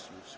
Isus